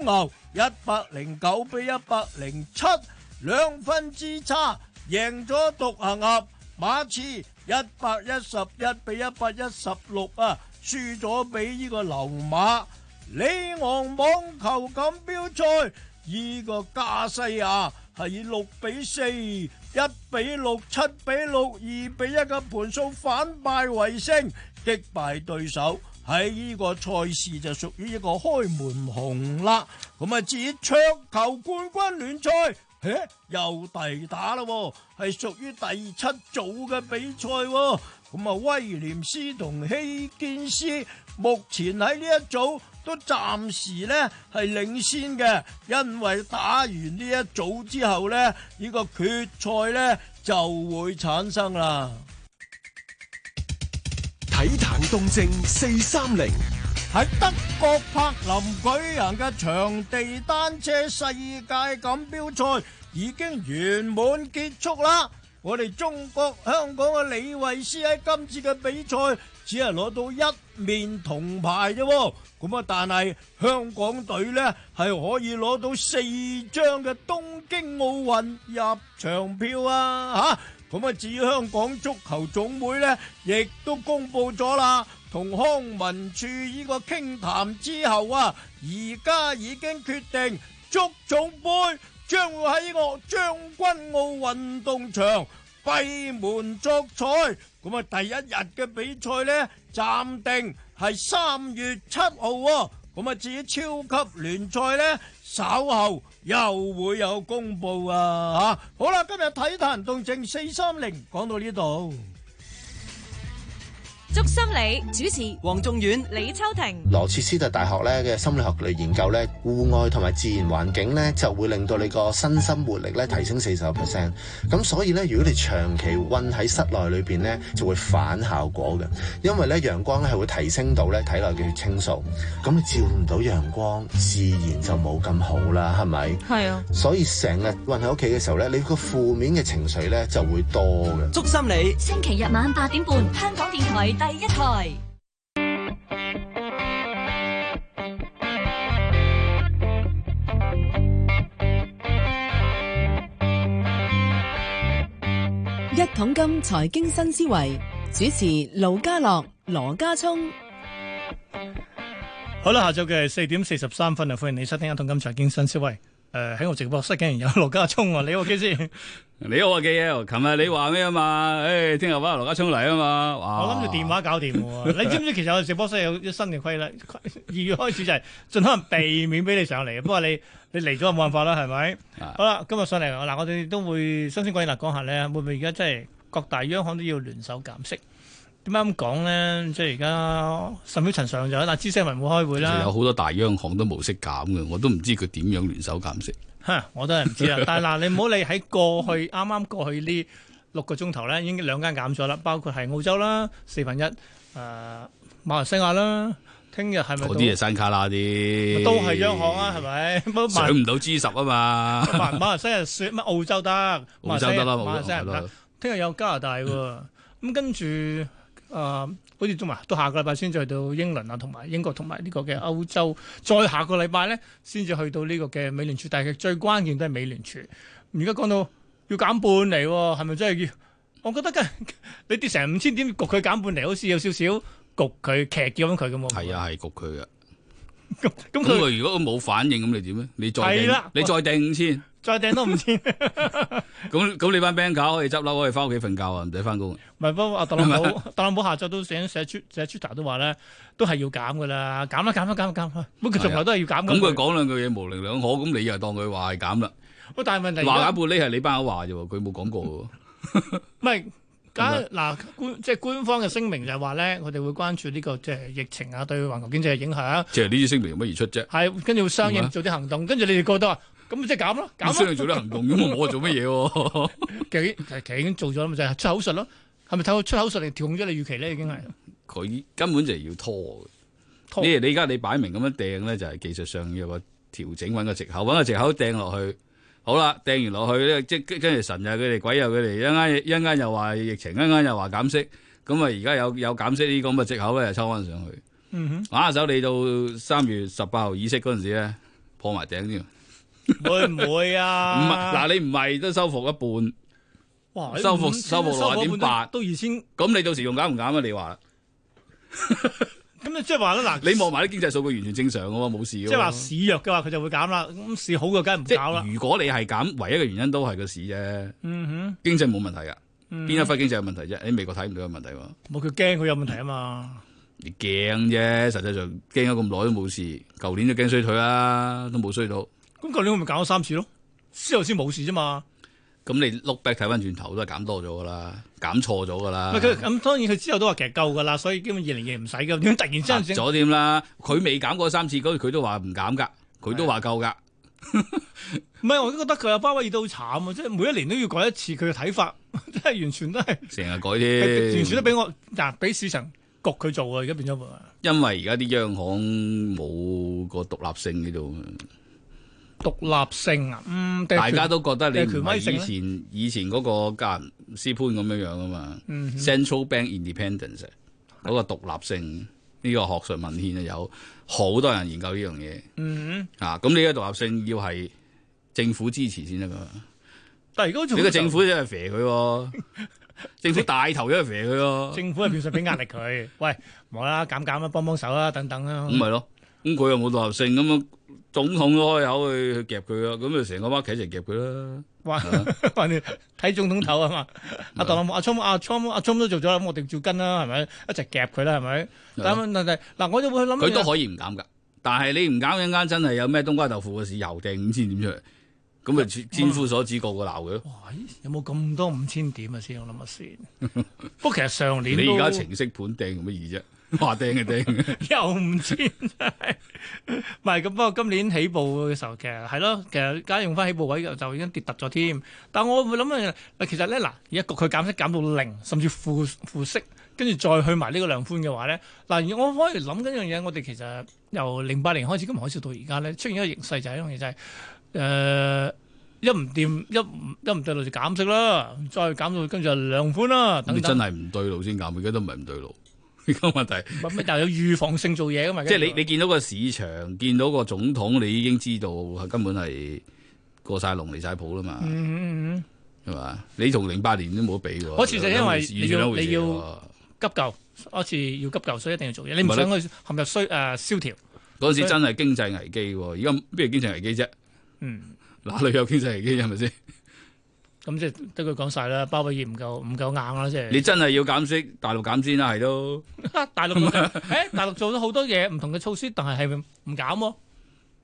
牛一百零九比一百零七兩分之差，贏咗獨行俠。馬刺一百一十一比一百一十六啊，輸咗俾呢個流馬。里昂網球錦標賽呢個加西亞係以六比四、一比六、七比六、二比一嘅盤數反敗為勝，擊敗對手。喺呢個賽事就屬於一個開門紅啦，咁啊，桌球冠軍聯賽，嘿，又第打啦，係屬於第七組嘅比賽，咁啊，威廉斯同希堅斯目前喺呢一組都暫時咧係領先嘅，因為打完呢一組之後咧，呢個決賽咧就會產生啦。東正四三零喺德國柏林舉行嘅場地單車世界錦標賽已經圓滿結束啦！我哋中國香港嘅李慧詩喺今次嘅比賽只係攞到一面銅牌啫，咁啊！但係香港隊呢係可以攞到四張嘅東京奧運入場票啊！吓、啊！咁啊！至於香港足球總會呢，亦都公布咗啦，同康文處呢個傾談之後啊，而家已經決定足總杯將會喺呢個將軍澳運動場閉門作賽。咁啊，第一日嘅比賽呢，暫定係三月七號。咁啊，至於超級聯賽呢，稍後。又會有公佈啊！嚇、啊，好啦，今日體壇動靜四三零講到呢度。祝心理主持黃仲遠、李秋婷、羅切斯特大學咧嘅心理學類研究咧，戶外同埋自然環境咧就會令到你個身心活力咧提升四十個 percent。咁所以咧，如果你長期韞喺室內裏邊咧，就會反效果嘅。因為咧，陽光咧係會提升到咧體內嘅血清素。咁你照唔到陽光，自然就冇咁好啦，係咪？係啊。所以成日韞喺屋企嘅時候咧，你個負面嘅情緒咧就會多嘅。祝心理星期日晚八點半，嗯、香港電台。第一台，一桶金財經新思維，主持盧家樂、羅家聰。好啦，下晝嘅四點四十三分啊，歡迎你收聽一桶金財經新思維。誒，喺、呃、我直播室竟然有羅家聰啊，哎、啊！你好，K 先生，你好啊 Gio，琴日你話咩啊嘛？誒，聽日話羅家聰嚟啊嘛？我諗住電話搞掂。你知唔知其實我哋直播室有一新嘅規例？ 二月開始就係盡可能避免俾你上嚟。不過你你嚟咗就冇辦法啦，係咪？ 好啦，今日上嚟嗱，我哋都會新鮮規例講下咧，會唔會而家真係各大央行都要聯手減息？點解咁講咧？即係而家甚少層上咗，但係紫文會開會啦。有好多大央行都冇識減嘅，我都唔知佢點樣聯手減息。吓，我都係唔知啦。但係嗱，你唔好理喺過去啱啱過去呢六個鐘頭咧，已經兩間減咗啦，包括係澳洲啦，四分一，誒，馬來西亞啦，聽日係咪？嗰啲啊，山卡啦啲，都係央行啊，係咪？上唔到 G 十啊嘛，馬馬來西亞算乜？澳洲得，澳洲得啦，澳洲得啦。聽日有加拿大喎，咁跟住。誒、嗯，好似做埋，到下個禮拜先至去到英倫啊，同埋英國同埋呢個嘅歐洲，再下個禮拜咧，先至去到呢個嘅美聯儲大劇。但最關鍵都係美聯儲。而家講到要減半厘、哦，係咪真係要？我覺得嘅， 你跌成五千點，焗佢減半厘，好似有少少焗佢劇咁佢咁喎。係啊，係焗佢嘅。咁咁佢如果佢冇反應，咁你點咧？你再係啦，你再訂 五千，再訂都五千。咁咁，你班 b a 兵卡可以執啦，可以翻屋企瞓覺啊，唔使翻工。唔係，不過 特朗普，特朗普下晝都寫寫出 Twitter 都話咧，都係要減噶啦，減啦、啊，減啦、啊，減啦、啊，減啦、啊。不過佢從來都係要減、啊。咁佢講兩句嘢模棱兩可，咁你又當佢話係減啦。喂，但係問題話、就、假、是、布呢係你班友話啫喎，佢冇講過喎。唔 嗱，官，即係官方嘅聲明就係話咧，我哋會關注呢個即係疫情啊，對環球經濟嘅影響。即係呢啲聲明由乜而出啫？係跟住會相應做啲行動，跟住嗎你哋覺得啊，咁咪即係減咯，減。相應做啲行動，咁 我做乜嘢喎？其實其實已經做咗啦嘛，就係、是、出口術咯。係咪透過出口術嚟調控咗你預期咧？已經係佢根本就係要拖嘅拖。你你而家你擺明咁樣掟咧，就係、是、技術上要有個調整，揾個藉口，揾個藉口掟落去。好啦，掟完落去咧，即即係神又佢哋，鬼又佢哋，一間一間又話疫情，一間又話減息，咁啊而家有有減息呢啲咁嘅借口咧，又抽翻上去，玩下、嗯哼啊、手你到三月十八號議息嗰陣時咧，破埋頂添， 不會唔會啊？唔係嗱，你唔係都收復一半，哇！收復收復六點八到二千？咁你到時用減唔減啊？你話。 咁你即係話啦，嗱，你望埋啲經濟數據完全正常噶喎，冇事啊。即係話市弱嘅話，佢就會減啦。咁市好嘅梗係唔減啦。如果你係減，唯一嘅原因都係個市啫。嗯哼，經濟冇問題噶。嗯哼，邊一忽經濟有問題啫？你美國睇唔到有問題喎。冇，佢驚佢有問題啊嘛。你驚啫，實際上驚咗咁耐都冇事。舊年就驚衰退啦，都冇衰到。咁舊年我咪減咗三次咯，之後先冇事啫嘛。咁你 look back 睇翻轉頭，頭都係減多咗噶啦，減錯咗噶啦。咁，當然佢之後都話其實夠噶啦，所以基本二零二唔使噶。點突然之間？咗點啦？佢未減過三次，嗰時佢都話唔減噶，佢都話夠噶。唔係，我都覺得佢阿鮑威爾都好慘啊！即係每一年都要改一次佢嘅睇法，即 係完全都係成日改啲，完全都俾我，但、啊、俾市場焗佢做啊！而家變咗，因為而家啲央行冇個獨立性喺度。獨立性啊，嗯、大家都覺得你唔係以前以前嗰個格斯潘咁樣樣啊嘛。Central Bank Independence 嗰個獨立性呢、呢個學術文獻啊有好多人研究呢樣嘢。嗯嗯嗯啊，咁呢個獨立性要係政府支持先得噶。但係如果你個政府真係肥佢， 政府大頭都係肥佢咯。 政府係變相俾壓力佢， 喂，冇啦，減減啦，幫幫手啦，等等啦。咁咪咯，咁佢又冇獨立性咁樣。總統都開口去去夾佢啦，咁就成個 market 一齊夾佢啦。話話你睇總統頭吖嘛？阿 Donald 阿 Trump 阿 Trump 阿 Trump 都做咗啦，咁我哋照跟啦，係咪？一齊夾佢啦，係咪？是的 但係嗱，我就會諗佢都可以唔減噶，但係你唔減陣間真係有咩冬瓜豆腐嘅事，又掟五千點出嚟，咁咪千夫所指，個個鬧佢。有冇咁多五千點啊？先我諗下先。 不過其實上年 你而家程式盤掟咁乜嘢啫？話釘嘅釘，又唔知，唔係咁。不過今年起步嘅時候，其實係咯，其實而家用翻起步位就已經跌突咗添。但係我會諗嘅，其實咧嗱，而家局佢減息減到零，甚至負負息，跟住再去埋呢個量寬嘅話咧，嗱，我可以諗緊一樣嘢。我哋其實由零八年開始咁海嘯到而家咧，出現一個形勢就係一樣嘢，就係誒一唔掂一唔一唔對路就減息啦，再減到跟住就量寬啦。你真係唔對路先減，而家都唔係唔對路。問題，但係有預防性做嘢噶嘛？即係你你見到個市場，見到個總統，你已經知道係根本係過晒龍離晒譜啦嘛？嗯嗯係、嗯、嘛？你同零八年都冇得比噶。我事實因為,因為你要你要急救，我似要急救，所以一定要做嘢。你唔想佢陷入衰誒蕭條？嗰、呃、時真係經濟危機，而家邊係經濟危機啫？嗯，哪裡有經濟危機係咪先？是咁即係得佢講晒啦，鮑威爾唔夠唔夠硬啦，即係。你真係要減息，大陸減先啦，啊，係都。大陸誒，大陸做咗好多嘢唔同嘅措施，但係係咪唔減喎。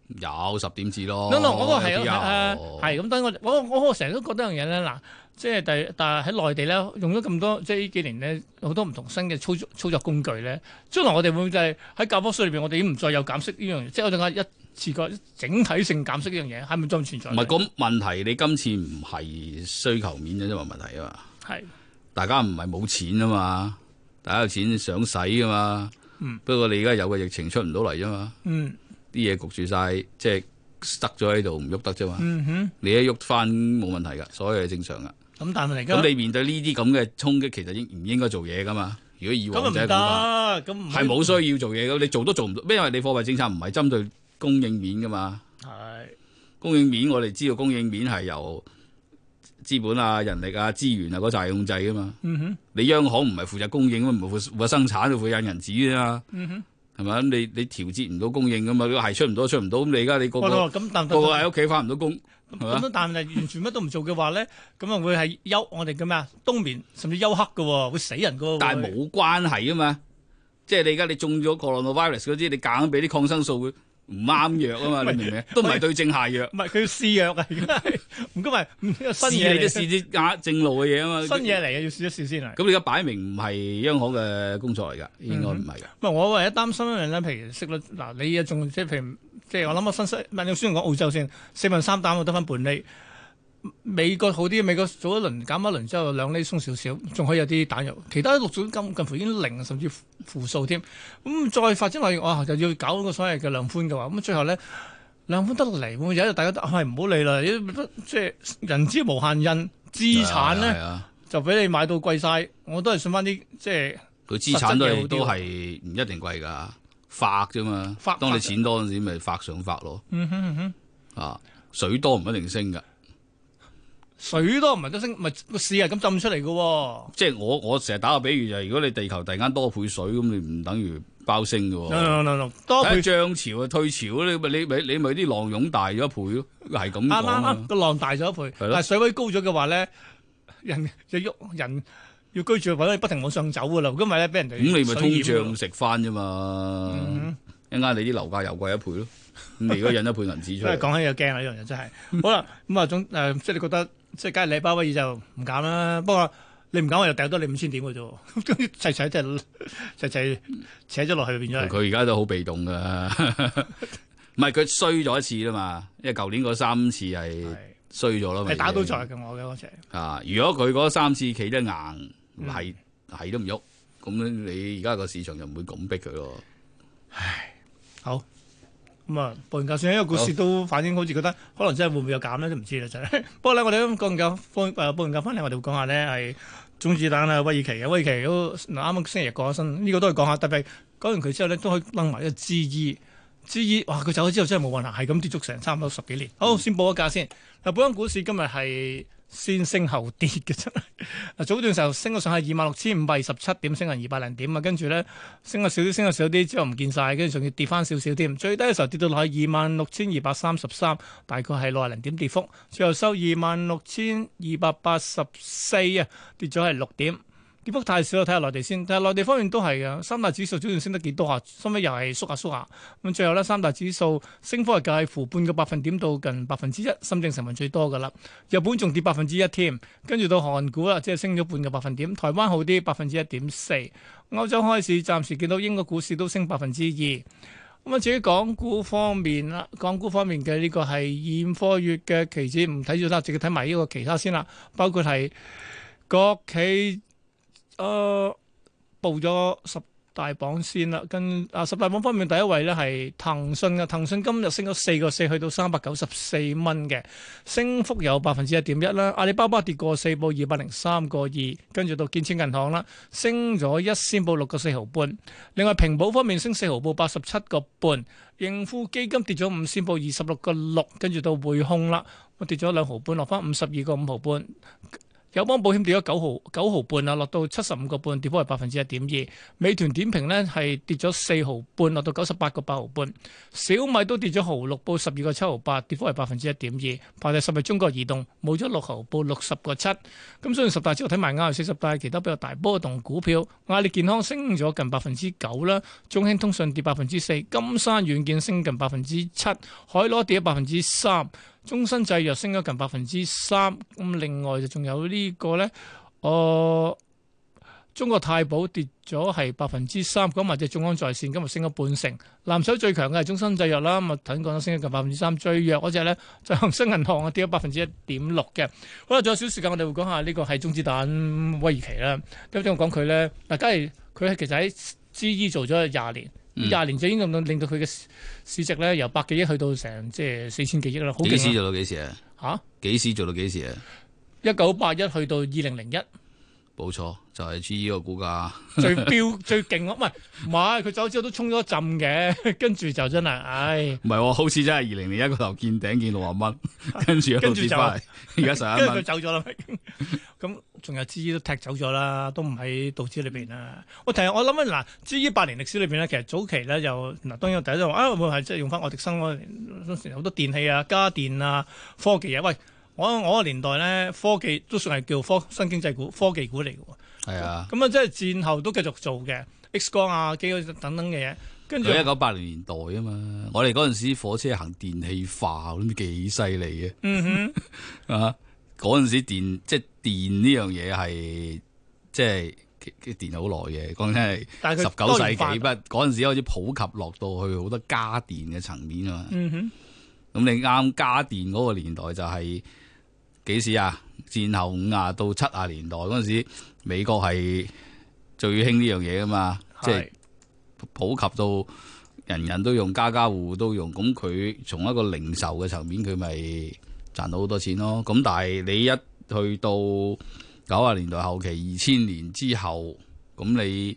有十點字咯。我個係啊，係咁。等我我我成日都覺得一樣嘢咧，嗱，即係但係但係喺內地咧，用咗咁多即係呢幾年咧，好多唔同新嘅操作操作工具咧，將來我哋會唔會係喺教科書裏邊，我哋已經唔再有減息呢樣嘢，即係我哋講一。一試過整體性減息呢樣嘢係咪真存在？唔係咁問題，你今次唔係需求面嘅因為問題啊嘛。係，大家唔係冇錢啊嘛，大家有錢想使啊嘛。不過你而家有個疫情出唔到嚟啫嘛。嗯，啲嘢焗住晒，即係塞咗喺度唔喐得啫嘛。你一喐翻冇問題㗎，所以係正常㗎。咁但係咁你面對呢啲咁嘅衝擊，其實應唔應該做嘢㗎嘛？如果以往啫咁，咁係冇需要做嘢㗎，你做都做唔到，因為你貨幣政策唔係針對。供應面噶嘛？係的供應面，我哋知道供應面係由資本啊、人力啊、資源啊嗰齊控制噶嘛。嗯、哼你央行唔係負責供應，唔係負責生產，負責印銀紙啫嘛。嗯哼，係嘛？你你調節唔到供應噶嘛？如果係出唔到，出唔到，咁你而家你個個喺屋企返唔到工，咁 但係完全乜都唔做嘅話咧，咁啊會係休我哋叫咩啊冬眠，甚至休克噶，會死人噶。但係冇關係啊嘛，即係你而家你中咗新冠病毒嗰啲，你硬俾啲抗生素佢。唔啱藥啊嘛， 你明唔明？ 是都唔係對症下藥。唔係佢要試藥啊，而家唔該咪新嘢嚟嘅，試啲亞正路嘅嘢啊嘛。新嘢嚟嘅要試一試先啊。咁 你而家擺明唔係央行嘅工作嚟噶，嗯、應該唔係噶。唔係、嗯、我唯一擔心一樣咧，譬如息率嗱，你又仲即係譬如即係我諗下新西，唔係你先講澳洲先，四分三擔我得翻半厘。美國好啲，美國做一輪減一輪之後，兩釐鬆少少，仲可以有啲彈藥。其他六種金近乎已經零，甚至負數添。咁、嗯、再發展落去，哇、啊，又要搞嗰個所謂嘅量寬嘅話。咁、嗯、最後咧，量寬得嚟，有日大家都係唔好理啦。即、哎、係人之無限印，資產咧、啊啊、就俾你買到貴晒。我都係信翻啲即係，佢資產都係唔一定貴噶，發啫嘛。當你錢多嗰陣時，咪發上發咯。啊，水多唔一定升噶。.水都唔係得升，咪個市係咁浸出嚟嘅。即係我我成日打個比喻就係、是，如果你地球突然間多一倍水，咁你唔等於爆升嘅。唔唔唔，多一漲潮啊退潮嗰啲，咪你咪你咪啲浪湧大咗一倍咯，係咁講。啱啱個浪大咗一倍，但係水位高咗嘅話咧，人就喐人，人要居住，或者不停往上走噶啦。今日咧俾人哋咁、嗯、你咪通脹食翻啫嘛，一陣間你啲樓價又貴一倍咯。咁你如果引一倍銀紙出嚟，講 起又驚啦，呢樣嘢真係。 好啦，咁啊總誒，即係你覺得？ 即係梗係你包威爾就唔減啦，不過你唔減我又掉多你五千點嘅啫，咁齊齊一齊齊齊扯咗落去變咗。佢而家都好被動噶，唔係佢衰咗一次啦嘛，因為舊年嗰三次係衰咗咯。係是了打到在嘅我嘅嗰次。啊，如果佢嗰三次企得硬，係係、嗯、都唔喐，咁你而家個市場就唔會咁逼佢咯。唉， 好。咁啊，布仁教授呢個故事都反映好似覺得，可能真係會唔會有減咧都唔知啦，就係。不， 不過咧，我哋咁講完教，誒布仁教翻嚟，我哋會講下咧係中子彈啦，威爾奇啊，威爾奇嗱啱啱星期日過咗身，呢、這個都可以講下。特別講完佢之後咧，都可以拎埋一個 GE，GE。哇，佢走咗之後真係冇運行，係咁跌足成差唔多十幾年。好，先報個價先。嗱，本港股市今日係，先升後跌嘅，真係，早段時候升咗上去二萬六千五百二十七點，升近二百零點啊！跟住咧，升咗少少，升咗少少啲，之後唔見晒，跟住仲要跌翻少少添。最低嘅時候跌到落去二萬六千二百三十三，大概係六啊零點跌幅，最後收二萬六千二百八十四啊，跌咗係六點。跌幅太少啦，睇下內地先。但係內地方面都係嘅，三大指數總共升得幾多啊？收尾又係縮下縮下。咁最後咧，三大指數升幅係介乎半個百分點到近百分之一，深圳成分最多嘅啦。日本仲跌百分之一添，跟住到韓股啦，即係升咗半個百分點。台灣好啲，百分之一點四。歐洲開市，暫時見到英國股市都升百分之二。咁啊，至於港股方面啦，港股方面嘅呢個係現貨月嘅期指，唔睇咗啦，直接睇埋呢個其他先啦，包括係國企。誒、呃，報咗十大榜先啦，跟誒、啊、十大榜方面第一位咧係騰訊啊，騰訊今日升咗四個四，去到三百九十四蚊嘅，升幅有百分之一點一啦。阿里巴巴跌過四，報二百零三個二，跟住到建設銀行啦，升咗一仙，報六個四毫半。另外平保方面升四毫，報八十七個半。盈富基金跌咗五仙，報二十六個六，跟住到匯控啦，我跌咗兩毫半，落翻五十二個五毫半。友邦保險跌咗九毫九毫半啊，落到七十五個半，跌幅係百分之一點二。美團點評呢係跌咗四毫半，落到九十八個八毫半。小米都跌咗毫六，報十二個七毫八，跌幅係百分之一點二。排第十係中國移動，冇咗六毫，報六十個七。咁雖然十大之外睇埋家有四十，但其他比較大波動股票，阿里健康升咗近百分之九啦，中興通訊跌百分之四，金山軟件升近百分之七，海螺跌咗百分之三。中生製藥升咗近百分之三，咁另外就仲有呢、這個咧，我、呃、中國太保跌咗係百分之三，咁或者眾安在線今日升咗半成，藍籌最強嘅係中生製藥啦，咁咪等陣升咗近百分之三，最弱嗰隻咧就恒生銀行啊跌咗百分之一點六嘅，好啦，仲有少時間，我哋會講下呢個係中子彈威爾奇啦，點解我講佢咧？嗱假如佢其實喺 GE 做咗廿年。廿、嗯、年就已經令到佢嘅市值咧由百幾億去到成即係四千幾億啦，好勁時啊！幾時做到幾時啊？吓？幾時做到幾時啊？一九八一去到二零零一，冇錯，就係住呢個股價。 最飆最勁唔係唔係，佢走之後都衝咗一陣嘅，跟住就真係，唉、哎。唔係、哦，好似真係二零零一個頭見頂見六啊蚊，跟住跟住就跌翻嚟，而家十一蚊，跟住走咗啦，咁。 仲有支都踢走咗啦，都唔喺道指裏邊啦。我提下，我諗啊，嗱，至於百年歷史裏邊咧，其實早期咧就嗱，當然第一就話啊，我係即係用翻愛迪生嗰陣時好多電器啊、家電啊、科技啊。喂，我我個年代咧科技都算係叫科新經濟股科技股嚟嘅。係啊，咁啊，即係戰後都繼續做嘅 X 光啊、機等等嘅嘢。跟住佢一九八零年代啊嘛，我哋嗰陣時火車行電氣化，咁幾犀利嘅。嗯哼，啊，嗰陣時電即係。電呢樣嘢係即係電好耐嘅。講真係十九世紀不嗰陣時開始普及，落到去好多家電嘅層面啊。嗯咁哼你啱家電嗰個年代就係、是、幾時啊？戰後五啊到七啊年代嗰陣時，美國係最興呢樣嘢噶嘛，是即係普及到人人都用，家家戶戶都用。咁佢從一個零售嘅層面，佢咪賺到好多錢咯。咁但係你一去到九十年代後期、二千年之後，咁你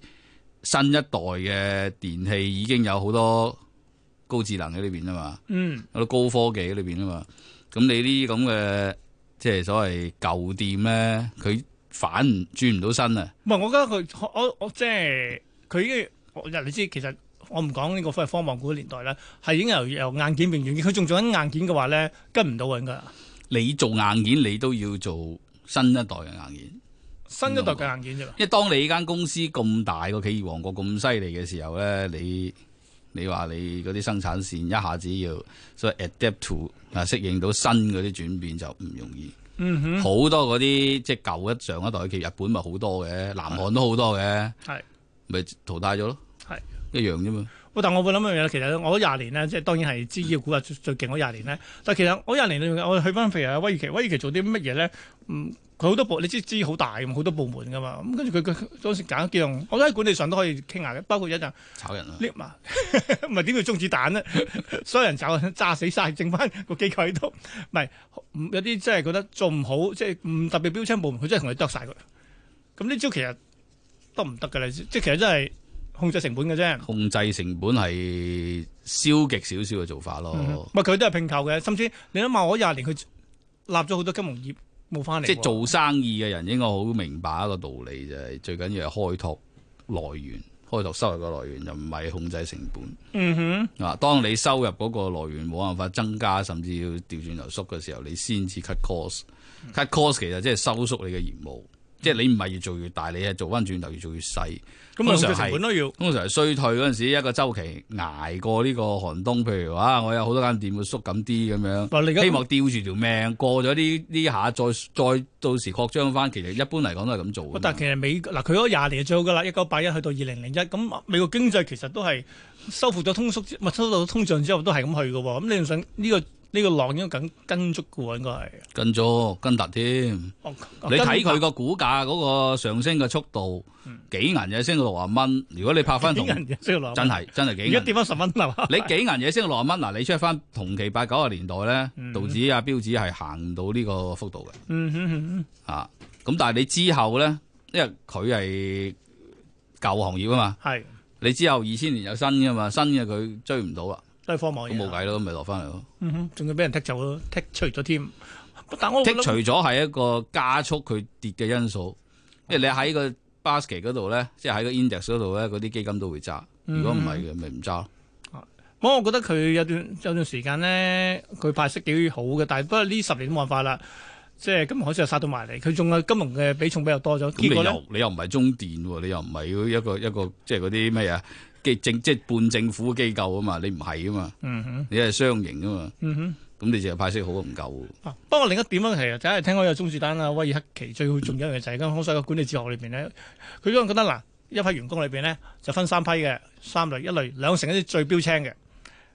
新一代嘅電器已經有好多高智能喺呢邊啊嘛，嗯，好多高科技喺呢邊啊嘛。咁你呢啲咁嘅，即係所謂舊店咧，佢反轉唔到身啊。唔係、嗯，我覺得佢我我即係佢，我你知其實我唔講呢個科網股年代啦，係已經由由硬件變軟件，佢仲做緊硬件嘅話咧，跟唔到嘅應你做硬件，你都要做新一代嘅硬件。新一代嘅硬件啫。因為當你間公司咁大個企業王國咁犀利嘅時候咧，你你話你嗰啲生產線一下子要所以 adapt to 啊，適應到新嗰啲轉變就唔容易。嗯哼。好多嗰啲即係舊一上一代嘅企業，日本咪好多嘅，南韓都好多嘅，係咪的淘汰咗咯？係的一樣啫嘛。但我會諗一樣嘢，其實我廿年咧，即係當然係資源股啊最最勁廿年咧。但係其實我廿年我去翻肥啊威爾奇，威爾奇做啲乜嘢咧？佢、嗯、好多部，你知知好大咁，好多部門噶嘛。咁跟住佢佢當時揀一樣，我覺得喺管理上都可以傾下嘅。包括一陣炒人啦，唔係點叫中子彈咧？ 所有人走，炸死晒，剩翻個機構喺度。唔係，有啲真係覺得做唔好，即係唔特別標青部門，佢真係同你剁晒佢。咁呢招其實得唔得嘅咧？即係其實真係。控制成本嘅啫，控制成本係消極少少嘅做法咯。唔係佢都係併購嘅，甚至你諗下，我廿年佢立咗好多金融業冇返嚟。即係做生意嘅人應該好明白一個道理，就係，就係最緊要係開拓來源，開拓收入嘅來源，就唔係控制成本。嗯哼，嗱、啊，當你收入嗰個來源冇辦法增加，甚至要調轉流縮嘅時候，你先至 cut cost。嗯、cut cost 其實即係收縮你嘅業務。即係你唔係越做越大，你係做翻轉頭越做越細。成本都要通常係衰、嗯、退嗰陣時，一個週期捱過呢個寒冬。譬如話，我有好多間店會縮緊啲咁樣，在希望吊住條命過咗呢呢下，再再到時擴張翻。其實一般嚟講都係咁做。但其實美嗱佢嗰廿年係最好㗎啦，一九八一去到二零零一，咁美國經濟其實都係收復咗通縮，唔係收到通脹之後都係咁去㗎喎。咁你想呢、呢個？呢個浪應該跟跟足嘅，應該係跟足跟突添。哦、你睇佢個股價嗰個上升嘅速度，嗯、幾銀嘢升到六啊蚊。如果你拍翻同真係真係幾銀，跌翻十蚊啦嘛。你幾銀嘢升到六啊蚊嗱，你出翻同期八九啊年代咧，道指啊標指係行唔到呢個幅度嘅。嗯咁、啊、但係你之後咧，因為佢係舊行業啊嘛，係是你之後二千年有新嘅嘛，新嘅佢追唔到啦。都冇計咯，咪落翻嚟咯。仲要俾人剔走咯，剔除咗添。但係我剔除咗係一個加速佢跌嘅因素，因為你喺個 basket 嗰度咧，即係喺個 index 嗰度咧，嗰啲基金都會揸。如果唔係嘅，咪唔揸。唔好，我覺得佢有段有段時間咧，佢派息幾好嘅，但係不過呢十年冇辦法啦。即係咁，好似又殺到埋嚟。佢仲有金融嘅比重比較多咗。咁你又你又唔係中電，你又唔係一個一個即係嗰啲咩嘢嘅政即係半政府嘅機構啊嘛，你唔係啊嘛，嗯、哼你係商營啊嘛，咁、嗯、哼你就派息好唔夠，啊。不過另一點咧係，就係聽開有中士丹啦、威爾克奇，最仲有一樣就係、是、咁，所以個管理哲學裏邊咧，佢都係覺得嗱一批員工裏邊咧就分三批嘅三類，一類兩成一啲最標青嘅，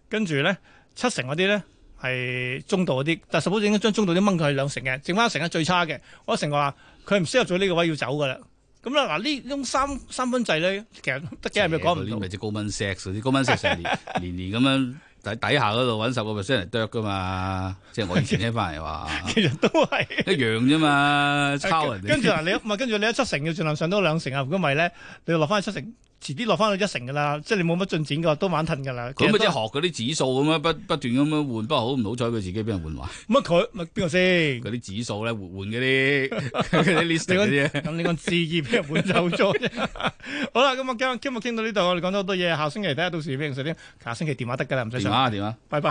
跟住咧七成嗰啲咧係中度嗰啲，但係好，應該將中度啲掹佢去兩成嘅，剩翻一成係最差嘅，我成日話佢唔適合做呢個位要走噶啦。咁啦，嗱呢種三三分制咧，其實得幾人咪講唔到？呢咪即高敏 sex，啲高敏 sex 成年 年年咁樣底底下嗰度揾十個 percent 嚟啄㗎嘛，即係我以前聽翻嚟話。 其實都係一樣啫嘛，抄人 跟。跟住嗱，你唔係跟住你一七成要盡量上多兩成啊，如果唔係咧，你落翻去七成。遲啲落翻去一成噶啦，即係你冇乜進展噶，都玩褪噶啦。咁咪即係學嗰啲指數咁樣不不斷咁樣換，不過好唔好彩佢自己俾人換話。乜佢乜邊個先？嗰啲指數咧換換嗰啲咁你講置業俾 人換走咗啫。 好啦，咁我今今日傾到呢度，我哋講咗好多嘢，下星期睇下到時咩時候先。下星期電話得噶啦，唔使電話啊，電話、啊。啊啊啊、拜拜。